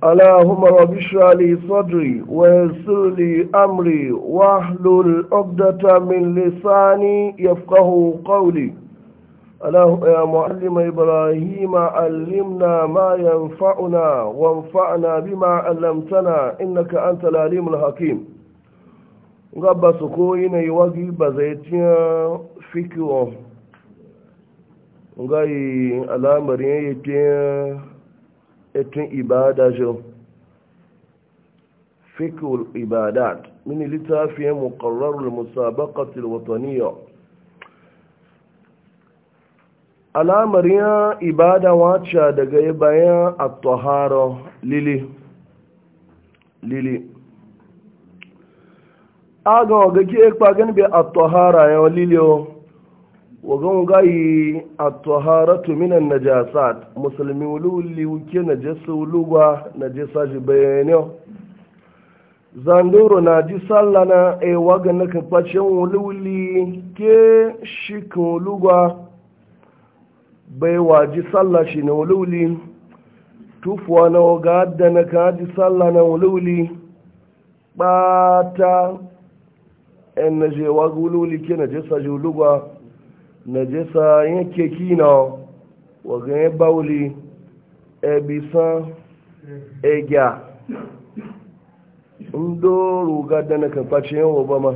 اللهم رب اشرح لي صدري ويسر لي امري واحلل عقدة من لساني يفقه قولي اللهم يا معلم ابراهيم علمنا ما ينفعنا وانفعنا بما علمتنا انك انت العليم الحكيم غبا سكوين ني واجي بزيتيا فيكو غاي الامر يتيا etun ibada jo fikul ibadat mini littafiyan muqarrarul musabaqatil wataniyya alamariya ibada wacce daga bayan at-tahara lili lili aga ga ke kpagan bi at-tahara ya lili o wagon gayi a taharatu minan najasat musulmi wuli wuke najasa wuluwa najasa ji bayani zandoro na ji sallah na e waga na kafacin wuli ke shikin wuluwa bai wa ji sallah shi na wuli tufuwa na waga da na ka ji sallah na wuli bata en na je waga wuli ke najasa ji wuluwa najasa yake kina ga ya bauli ebisan egya ndo ruga da na kafaci ba ma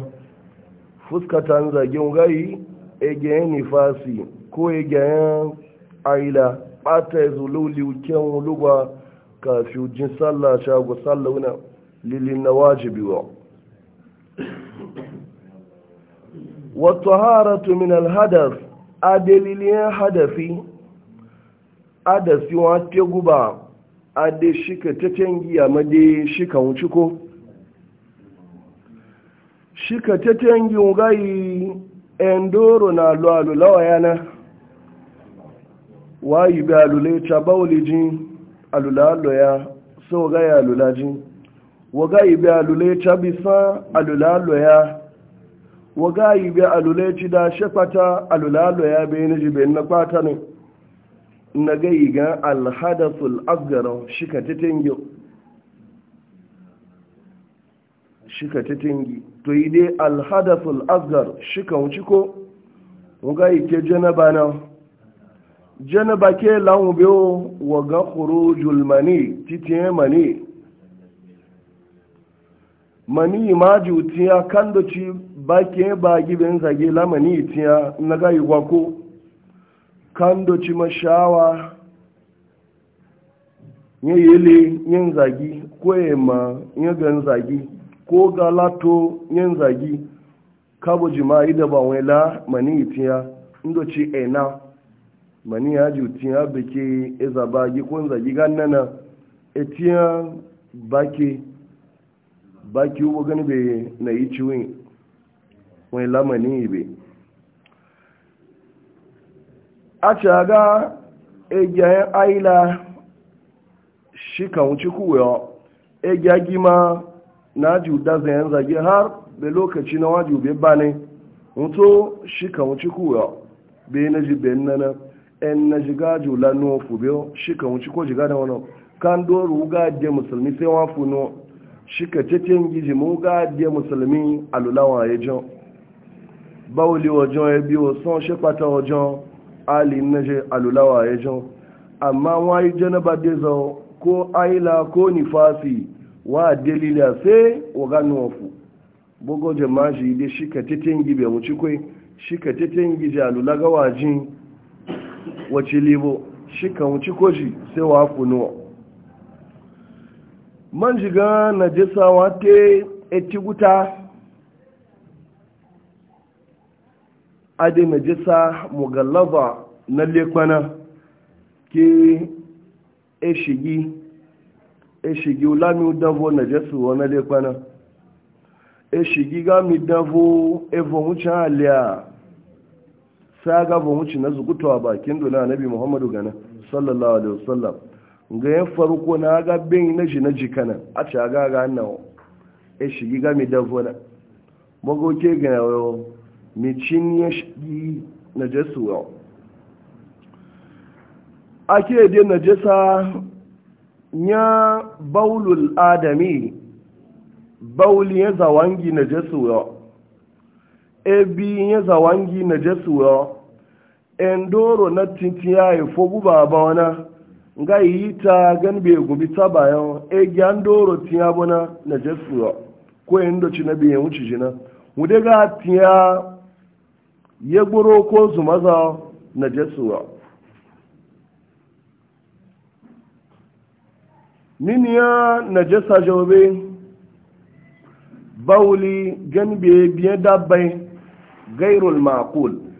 fuskatan zagin gai egeyen nifasi ko egeyen aila ɓata ya zulu liuken luba kafin jin sallah shago sallah wuna na wajibi wa wataharatu min alhadaf a dalilin hadafi adasi wa te guba a da shika ta tangiya ma da shika wuce ko shika ta tangi na lalu lawa yana wayi bi alule ta baulijin alulalo ya so gaya alulajin wa gayi alule bisa wa gayi bi alule ci da shafata alulalo ya bai ni jibe na fata ne na gayi ga alhadasul asgara shika titingi shika titingi to yi dai alhadasul asgar shika wuci ko wa gayi ke janaba na janaba ke lanwube wa ga khurujul mani titiye mani mani ma jutiya kandochi da ci baki e ba gibin zage la mani tiya na ga igwako ko da ci mashawa ya yele yin zagi ko ma ya gan zagi ko galato yin zagi kabo jima'i da ba wela mani tiya ndo ci ena mani ya jutiya bake izabagi kun zagi gannana etiya baki baki ubo gani be na yi ciwin wani lamani be a caga egyayen aila shi kan wuce kuwa egyagi ma na ji daza yan zage har be lokaci na waju be bane mutu shi kan wuce kuwa be na ji be nana en na jiga jula nufu be shi kan wuce ko jiga da wani kan doru ga je musulmi sai wafu nufu shika cecen gizi mu ga de musulmi alulawa ya jan bawuli wajen ya biyo son shekwata wajen ali naje alulawa ya jan amma wayi janaba de zo ko aila ko nifasi wa dalila sai waga nufu bugo jamaji de shika cecen gibe mu cikwe shika cecen gizi alulaga wajin wace libo shika mu cikoji sai wa kunuwa man shiga najisa wate eti guta ade najisa mugallaba na lekwana ke eshigi eshigi ulami udavo najisu wa na lekwana eshigi gami danvo evo wuce aliya sa gabo wuce na wa bakin dole nabi muhammadu gana sallallahu alaihi wasallam ga ya farko na ga bin na shi na jikana a ci a gaga nawa ya shigi ga mi dafona magoke ga yawo mi cin ya shigi na jesuwa ake dai na jesa ya baulul adami bauli ya zawangi na jesuwa ebi ya zawangi na jesuwa endoro na titi ya fogu baba wana nga yi ta gan bai gubi ta bayan e gyan doro tiya bana na jesuwa ko yin doci na biyan wuce jina wude ga tiya ya gburo ko su maza na jesuwa miniya na jesa jawabe bauli gan bai biya dabbai gairul ma'akul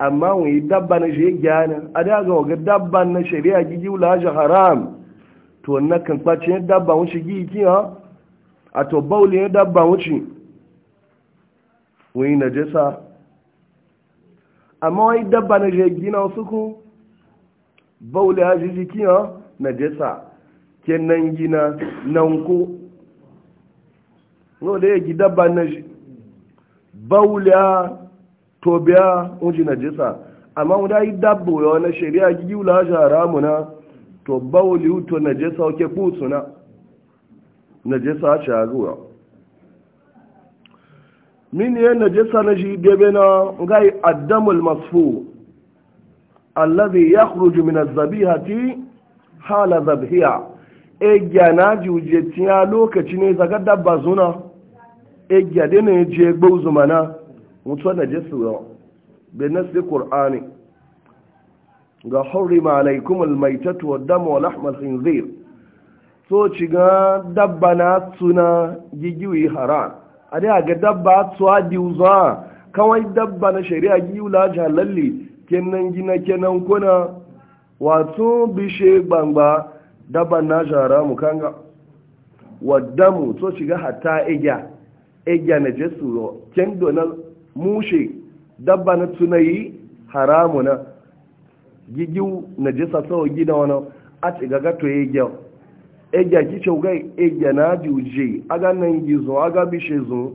amma wani dabba na shi gyana a da ga waga dabba na shari'a gigi wula shi haram to na kan kwace dabba wuce gigi kiya a to bauli ya dabba wuce wani na najasa amma wani dabba na shi gina wasu ku bauli ya jiji kiya najasa kenan gina nan ku no da ya gi dabba na shi bauli ya to biya na najisa amma wuda yi dabbo ya wani shari'a gigi wula shara na to bawuli to najisa wake kusu na najisa sharuwa min yi najisa na shi gebe na gai adamul masfu allazi ya kuruju min hati hala zabhiya e gyana juje tiya lokaci ne zaga dabba zuna e gyade ne je gbau zumana mutuwa na jesu yau bai nasi Kur'ani. ga hurrima alaikum almaitatu wa damo wa lahmal so ci ga dabba na suna gigiwi hara. a dai ga dabba tsuwa zuwa, kawai dabba na shari'a giwula jalalli kenan gina kenan kuna wato bishe gbangba dabba na jara mu kanga wa damu so ci ga hata igya igya na jesu ro kendo na mushe dabba na tuna yi haramu na gigiu na jisa sau gina wani a ci gaga to ya gyau egya kice gai egya na juje aga nan gizo aga bishe zo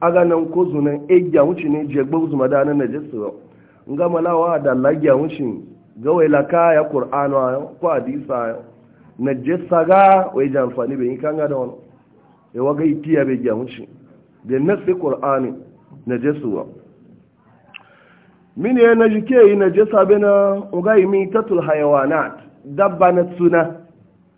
aga nan ko zunan egya wuce ne je gbau zuma da nan najisa nga malawa da lagya wuce gawai laka ya qur'ano ayo ko hadisa ayo najisa ga wai jan amfani bai yi kanga da wani ya waga itiya bai gya wuce da nasi qur'ani najasuwa mini ya na jike yi najasa bina ugayi mi tatul hayawana dabba na tsuna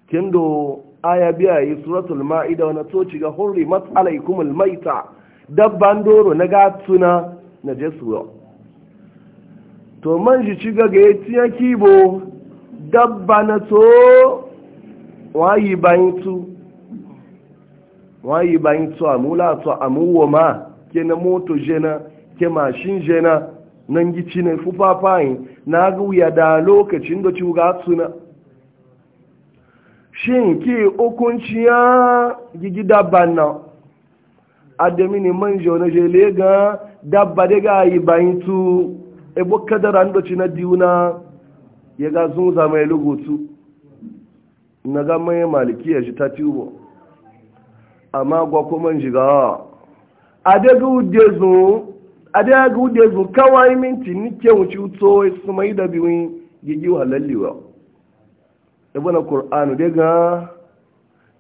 kendo aya biya yi suratul ma'ida wani toci ga hurri matsalaikun almaita dabban doro na gatsuna na jesuwa to man shi ci gaga ya tiya kibo dabba na to wayi bayin tu wayi bayin tu amula to amuwa ma ke na moto jena ke mashin jena nan gici na fufafayin na ga wuya da lokacin da ciwuga suna shin ke hukunci ya gigi dabba na adami ne man jaune jele ga dabba da ga yi bayin tu ebo kadara ndo na diuna ya ga sun zama ya lugutu na ga mai maliki ya ji ta tiwo amma gwa kuma jigawa adega ude zo kawai minti nike wuce uto su mai da biyu gigi wa lallewa ibu na ƙor'anu daga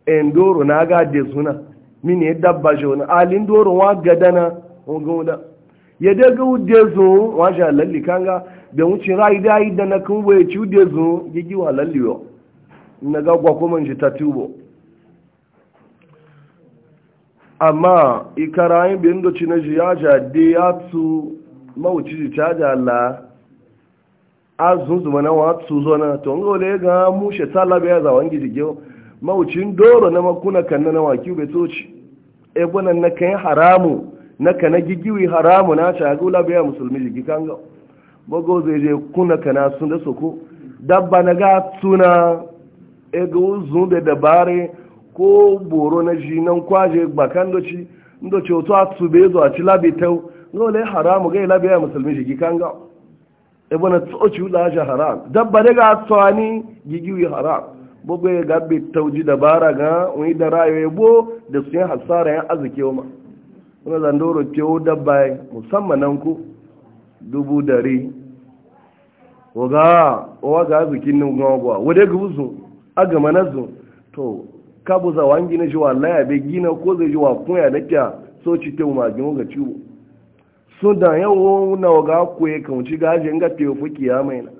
endoro na aga de zuna mini ya dabba jona alin doro wa gadana ogoda ya daga ude zo wa ja lalli kanga da wuce rai da yi na kan waye ci ude zo gigi wa lallewa na ga gwa kuma ji ta tubo amma ikarayin bin da cina shi ya jade ya tu mawuci ta jala a zunzuma na watu zona to ngo le ga mu she tala be za wangi dige mawuci doro na makuna kanna na waki be toci e bonan na kan haramu na kana gigiwi haramu na ta gula be musulmi digi kanga bogo zai je kuna na sun da soko dabba na ga tuna e go da dabare ko boro na ji nan kwaje bakan doci ndoci otu a tsube zuwa ci labi tau dole haramu ga labi ya musulmi shi gikan ga ibn tsoci la ja haram dabba daga tsani gigiwi haram bugu ya gabe ji dabara ga wani da rayuwa bo da su yin hasara ya arziki ma wani zandoro kewo dabba musamman nan ku dubu dari waga waga arzikin nan gwa wadda ga agama na to kabu za wangi na jiwa laya bai gina ko zai jiwa wa kunya na kya so ci te ma gino ga ciwo so da yawo na waga ku ya kan ci gaje ga te fu mai na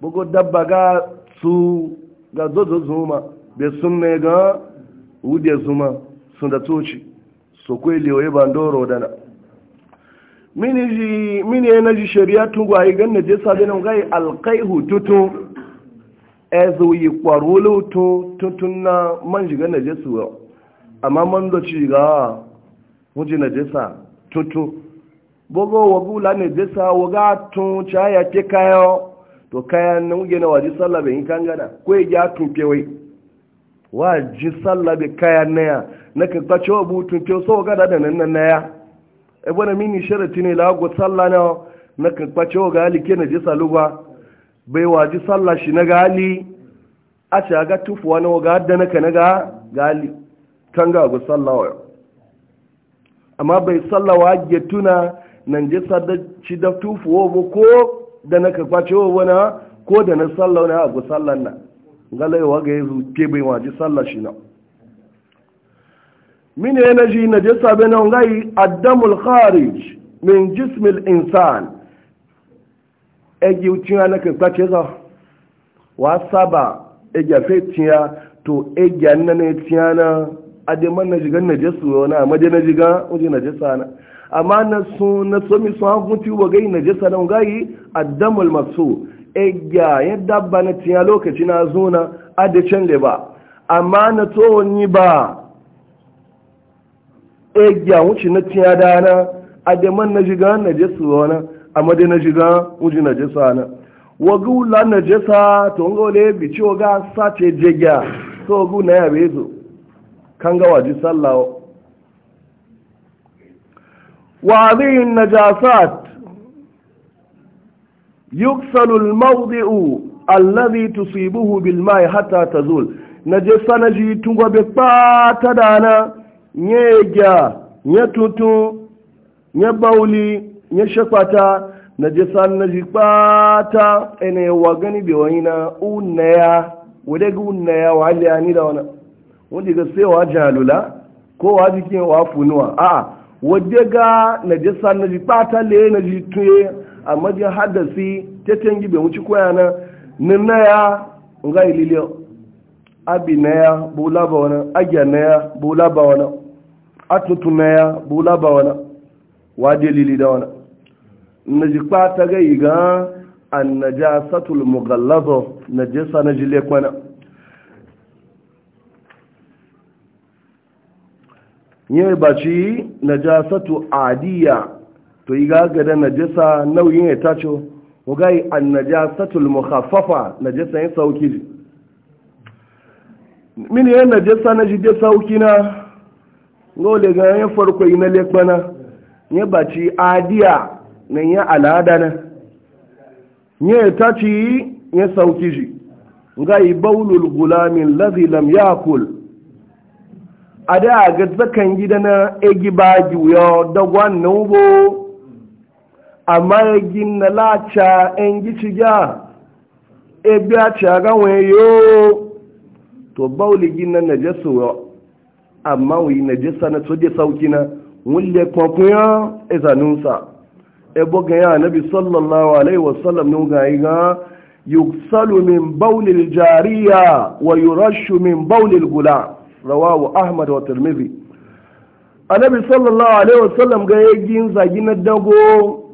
bugu dabba ga su ga zozo zuma sun mai ga ude zuma sun da toci so ko ile oye bandoro dana mini ya mini na ji shari'a tun gwaye na je sabe na gai alkaihu tutu ezo yi kwaro lauto tuntun na man shiga najesu amma man da ci ga wuji najesa tutu bogo wagu la najesa waga tun chaya ke kayo to kaya na wuge na waji sallah bai kan gana ko ya tun pewai waji sallah bai kayan naya na ka kwace wa butun pew so waga da nan na ya e bona mini sharati ne la go sallah na na kwace wa ga like najesa lugwa bai waji sallah shi na gali a ce ga tufuwa na waga da naka na ga gali kan ga ga sallah wa amma bai sallah wa ya tuna nan je sadda ci da tufuwa ba ko da naka kwace wa wana ko da na sallah na ga sallah na galai wa ga yanzu ke bai waji sallah shi na mine na ji na je sabe na ngai addamul kharij min jismil insani egi tiya na kan kwace za wa saba egi fe tiya to egi anna ne tiya na man na jigan na jesu na amade na jiga oje na jesa na amma na so na so mi so an ti wa gai na jesa na ngai addamul masu egi ya dabba na tiya lokaci na zo na ade can le ba amma na to ni ba egi wuce na tiya dana man na jiga na jesu na a na shiga uji na jesa na wagu la na jesa to ngo le bi ci waga sace jega to wagu na ya zo kan ga waji sallah wa hadhihi najasat yuksalu al-mawdi'u alladhi tusibuhu bil ma'i hatta tazul najasa naji tungwa be patadana nyega nyatutu nyabauli ya shakwata na jisan na ji kpata ene wa gani bi wani na unaya wadda ga unaya wa haliya ni da wani wanda ga sai wa jalula ko wa jikin wa funuwa a'a wadda ga na jisan na ji le na ji tuye amma ji hadasi teten gibe wuci koya na ninaya nga ililiyo abi naya bula ba wani agya naya bula ba wani atutu naya bula ba wani wa delili da wani na ji kpata ga iga an na ja satul mugallaba na jesa na kwana yin baci na ja satu adiya to iga gada na jesa nauyin ya tacho wagai an na satul mukhaffafa na jesa yin sauki min yan na jesa na jide sauki na ngole ga yan farko ina lekwana ya baci adiya na ya alada na ya ta ci ya sauki shi ga yi baulul gulamin lazi lam yakul a da ga zakan gida na egi bagi ya dagwan na ubo amma ya gina lacha en gici ya ebe a ci a ganwe yo to bauli gina na jesu ya amma wuyi na jesa na soje sauki na wule kwakwuyan izaninsa ebo ga ya nabi sallallahu alaihi wasallam ne ga ga yuksalu min bawlil jariya wa yurashu min bawlil gula rawahu ahmad wa tirmidhi Anabi sallallahu alaihi wasallam ga ya gin zagi na dago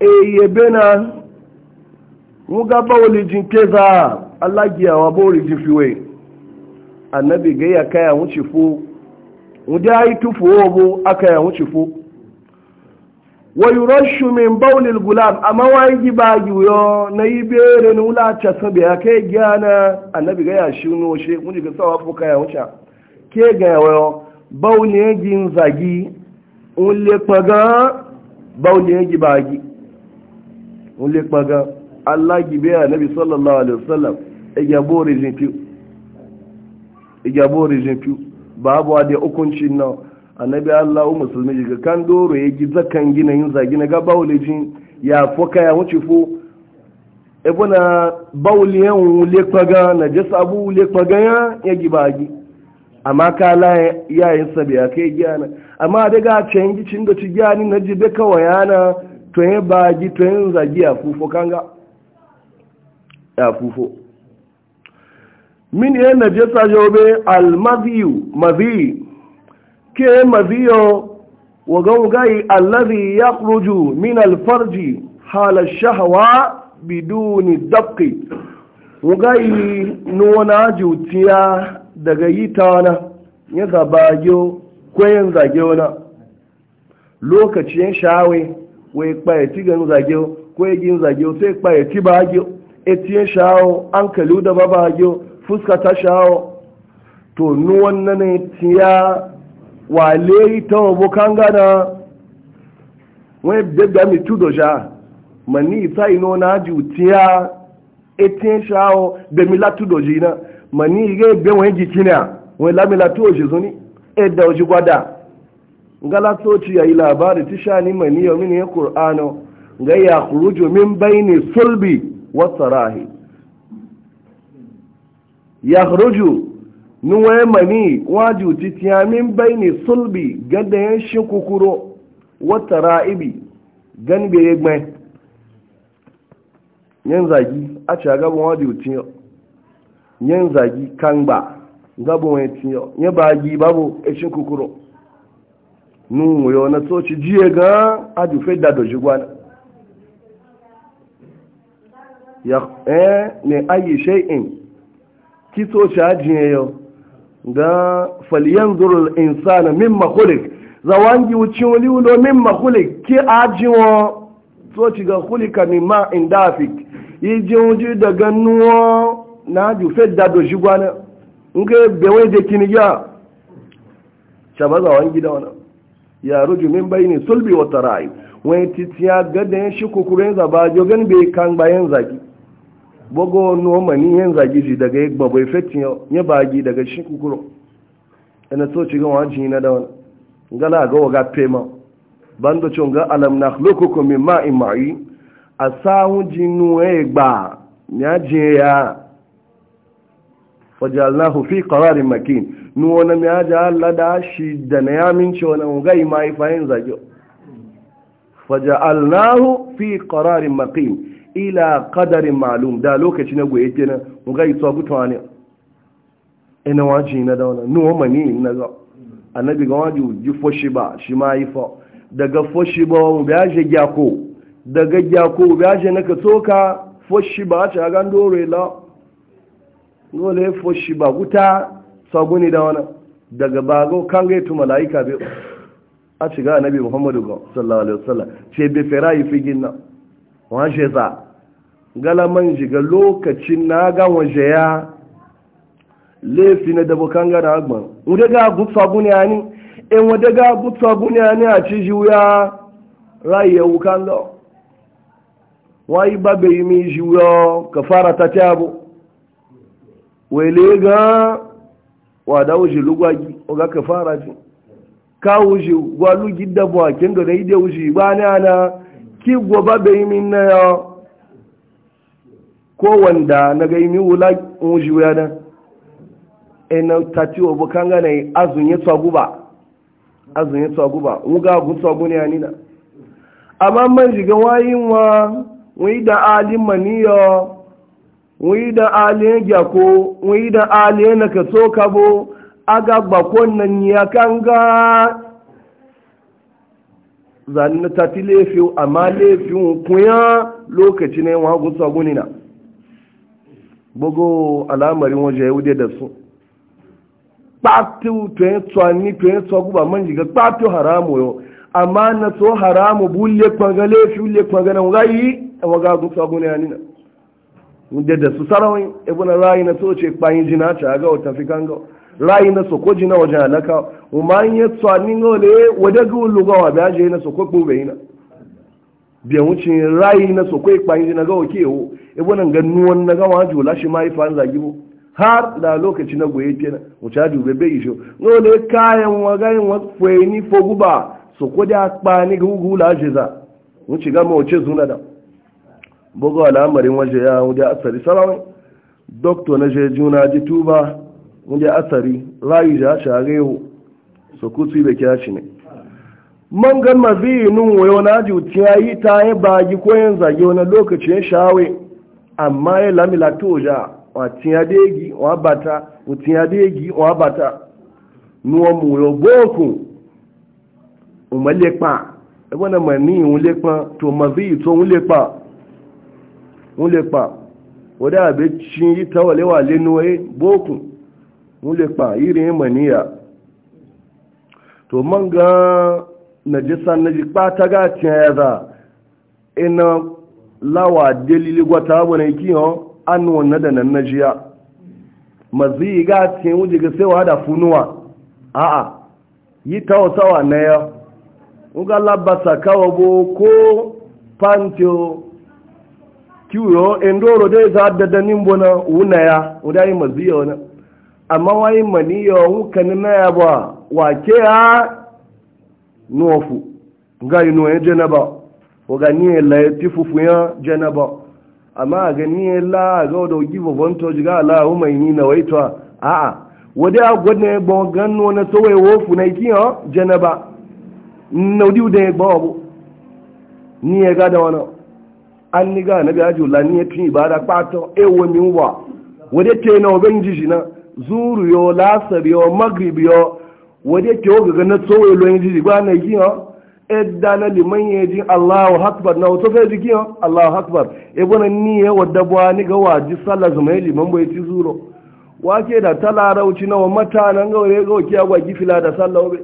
e yebena mu ga bawli jin keza Allah giya wa bawli jin fiwe annabi ga ya kaya wuce fu. mu da yi tufo bo aka ya wuce fu. wa yurashu min bawlil gulam amma wai giba yuyo na yi bere ni wula ta sabe ya kai gyana annabi ga ya shi no she mun ga sawa fuka ya wuce ke ga wayo bawne gin zagi ulle paga bawne giba gi ulle paga Allah gibe annabi sallallahu alaihi wasallam e ijabori e jintu ijabori jintu babu da hukuncin nan annabi Allah musulmi ga kan doro ya giza kan gina yin zagi na ga jin ya foka ya wuce fo ebona bawuli yan wule kwaga na jasa abu wule kwaga ya ya gibagi amma kala ya yin sabi ya kai gyana amma daga can gicin da ci gyani na jibe kawai yana to yin bagi to yin zagi ya fufo kanga ya fufo min yana najasa jobe al mazi ke maziyo wa gaugai allazi ya ruju min alfarji halar shahawa biduni dabki gai nuna jutiya daga yi tana ya zabagyo kwayan zagyo na lokacin shawai wai kpaye tigan zagyo kwayagin zagyo sai kpaye ti bagyo etiyen shawo an kalu da babagyo fuska ta shawo to nuwan na ne tiya wale ta wabo kan gana wani dabda mai tudo sha mani isa ino na ji utiya etin shawo da mila tudo ji na mani iga ebe wani jiki na wani lamila tudo shi zuni edda oji gwada ngala soci ya yi labari ti sha ni mani yau mini e ya kur'ano ga ya kurujo min bayni sulbi wa sarahi ya kurujo nuwa ya mani waju titiyamin bai ne sulbi gada ya shi kukuro wata ra'ibi gan bai ya gbai yan zagi a ci agabin waju tiyo yan zagi kan ba gabin wani tiyo ya bagi babu ya e shi kukuro nuwa yau na soci jiye ga ajufe da doji gwana ya eh ne ayi shay'in kito ci ajiye yau ga falyan zurul insana min makulik zawangi wuce wani wulo min makulik ki ajiwo so ci ga kulika min ma in indafik yi jinji daga nuwa na ju fedda do shi gwana nke bewai da kini ya shaba zawangi da wani ya ruju min bai ne sulbi wata rayu wani titiya gadon shi kukurin zaba jogan bai kan bayan zaki bogo noma ni yan zagi shi daga ya gbabo efetin ya bagi daga shi kukuro ina so ci gawa jini na dawan gala ga waga pema bando cin nga alam na lokukum ma ma'in ma'i a sawun jinu e ya gba ya jin e ya fajalnahu fi qararin makin nu wona mi aja Allah da shi da na yamin ci wona ngai mai fayin zagi fajalnahu fi qararin makin ila kadarin malum da lokaci na goye ke nan muga yi tsawa gutuwa ne ina waji na dauna nuwa mani na ga annabi ga waji ji foshi ba shi ma yi fa daga foshi ba mu biya je gyako daga gyako biya je naka tsoka foshi ba ta ga ndore la dole foshi ba guta saguni da wani daga bago kan tu mala'ika bai a shiga annabi muhammadu sallallahu alaihi wasallam ce bai fera yi figin nan wọ́n ṣe galaman jiga lokacin na ga waje ya laifi na dabo kan gana agban wadda ga gutsa guniya ni in e, wadda ga gutsa guniya ni a ci juya rayu yawu kan lo wayi ba bai mi juya ka fara ta ta tabo wele ga wada wuji lugwagi oga ka fara ji ka wuji gwalugi dabo a kin da na ide wuji ba ni ana ki goba bai min na yau ko wanda na ga imi wula wuji wuya nan e eh, na tati wa bukan gana yi azun ya tsagu ba azun ya tsagu ba wuga gun tsagu ne anina amma man shiga wayi wa wuyi da alin maniyo wuyi da alin gyako wuyi da alin na ka so kabo aga bakon nan ya kan ga zanen tati laifin amma laifin kuya lokaci ne wa gun tsagu na gbogbo al'amarin wọn ya wude da su ɓatu tuyen tsuwanni tuyen guba haramu yau amma na haramu bulle kwangale fi ule kwangale wa yi a waga gutsa su sarawin ibuna rayi na so ce kpayin jina ta ga fi na so jina wajen na so na biya wucin rayi na so kai kwanji na gawa ke wo e wannan gannuwan na gawa jula shi mai fa zagi bo har da lokaci na goye kenan mu ta dube be isho no ne kayan wagayin wasfe ni fo guba so ko da kpani gugu la jeza mu ci gama wace zuna da bugo al'amarin waje ya mu asari salama doctor na je juna ji tuba mu asari rayi ja share so ku su be kyashi ne man gan mazi nun wayo na juti ya yi ta yi bagi ko yin zage wani lokaci ya shawe amma ya lamila toja wa tiya degi wa bata wa tiya degi wa bata nuwa mu yo boku umalle ya e bona mani unle pa to mazi to unle pa unle pa oda be chin yi ta wale wa lenu e boku unle pa irin maniya to manga najisan na jikpa ta gacin ya za ina lawa delili gwata abu na iki hon an wannan da nan najiya mazi gacin wuji ga sewa da funuwa a'a yi wa na ya nga labasa kawo bo ko pantio kiwo endoro dai za da da nimbo na wuna ya udai mazi ya amma wani maniyo wukanin na ya ba wake ya nufu ga inu ya jenaba waga ni la ti tifufu ya janaba amma ga ni la ga da gibo bonto ga la mai ni na waitwa a a wadi a gwadne bo ganno na to wai wofu na kiyo jenaba na di ude bo bo ni ya ga da wana an ni ga na bi ajula ni ya tun ibada pato wo mi wa wadi te na obenji na zuru yo lasar yo magrib yo wadda ke oga ga na tsowe loyin jiji ba na yi e da na liman ya ji Allahu akbar na wato fai jiki ha Allahu akbar e gwana ni ya wadda buwa ni ga wa ji sallah zuma ya liman bai ci zuro ke da talarauci na wa mata matanan ga wani ga wakiya gwa gifila da sallah wabe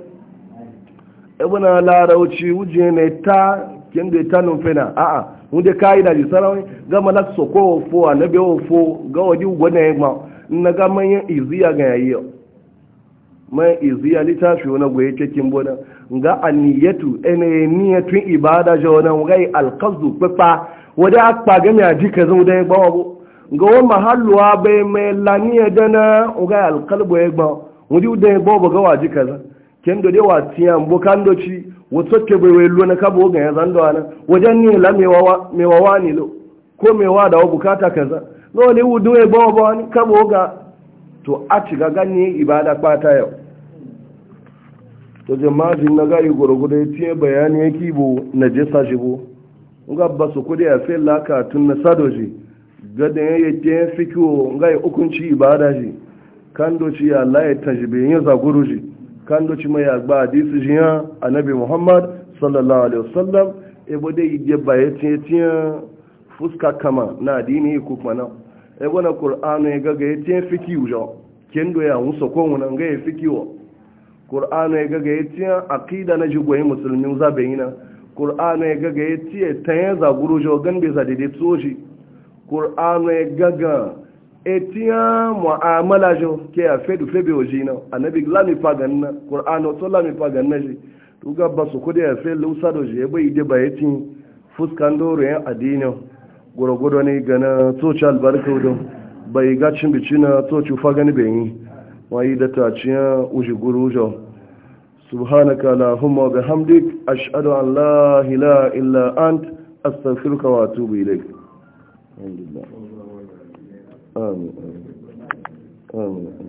e gwana larauci wuje ne ta kin da ta numfina a wunde kayi da jisarawi gama na soko fo na bewo fo ga wadi gwana ya ma na gama yin iziya ga yayi yau mai iziya littafi wani goye cikin bona ga aniyatu ene niyatun ibada jo wani gai alqazu pepa wada akpa ga mi aji kazo da gba wo ga wa mahalluwa be me laniya dana ga alqalbu ya gba wudi da ga ken do de wa kan do ci ke be we ka bo ga ya zan do ana wajen ni la me wa me wa lo ko me wa da bukata no wudu e ka bo ga to a to jama'ajin na goro gwargwado ya ce bayani ya kibo na jesa shi bu nga ba su kudi a sai laka tun na sado shi gadon ya yake ya fi kiwo nga ya hukunci ibada shi kan doci ya laye tajibe ya zaguru shi kan doci mai ya gba hadisi shi ya annabi muhammad sallallahu alaihi wasallam ebo dai ije baye tiye tiye fuska kama na adini ku mana ebo na kur'anu ya gaga ya fi fiki ujo kendo ya musa ko wona nga ya fiki ƙur'anu ya gaga ya tiya aƙida na jigoyin musulmi zaɓe yi na ƙur'anu ya gaga ya tiya ta yin zaguru jogan bai sa daidai tsoji ƙur'anu ya gaga ya tiya mu'amala shi ke ya fedu febe shi na annabi lami fagan na ƙur'anu to lami fagan na shi to gaba su kudi ya fe lusa da ya bai ide ba ya ci fuskan doro ya adini gwargwado ne gana tsoci albarka don bai gacin bici na tsoci fagani bai yi wayi da taciya uji gurujo subhanaka allahumma bihamdik ashhadu an la ilaha illa ant astaghfiruka wa atubu ilayk amin amin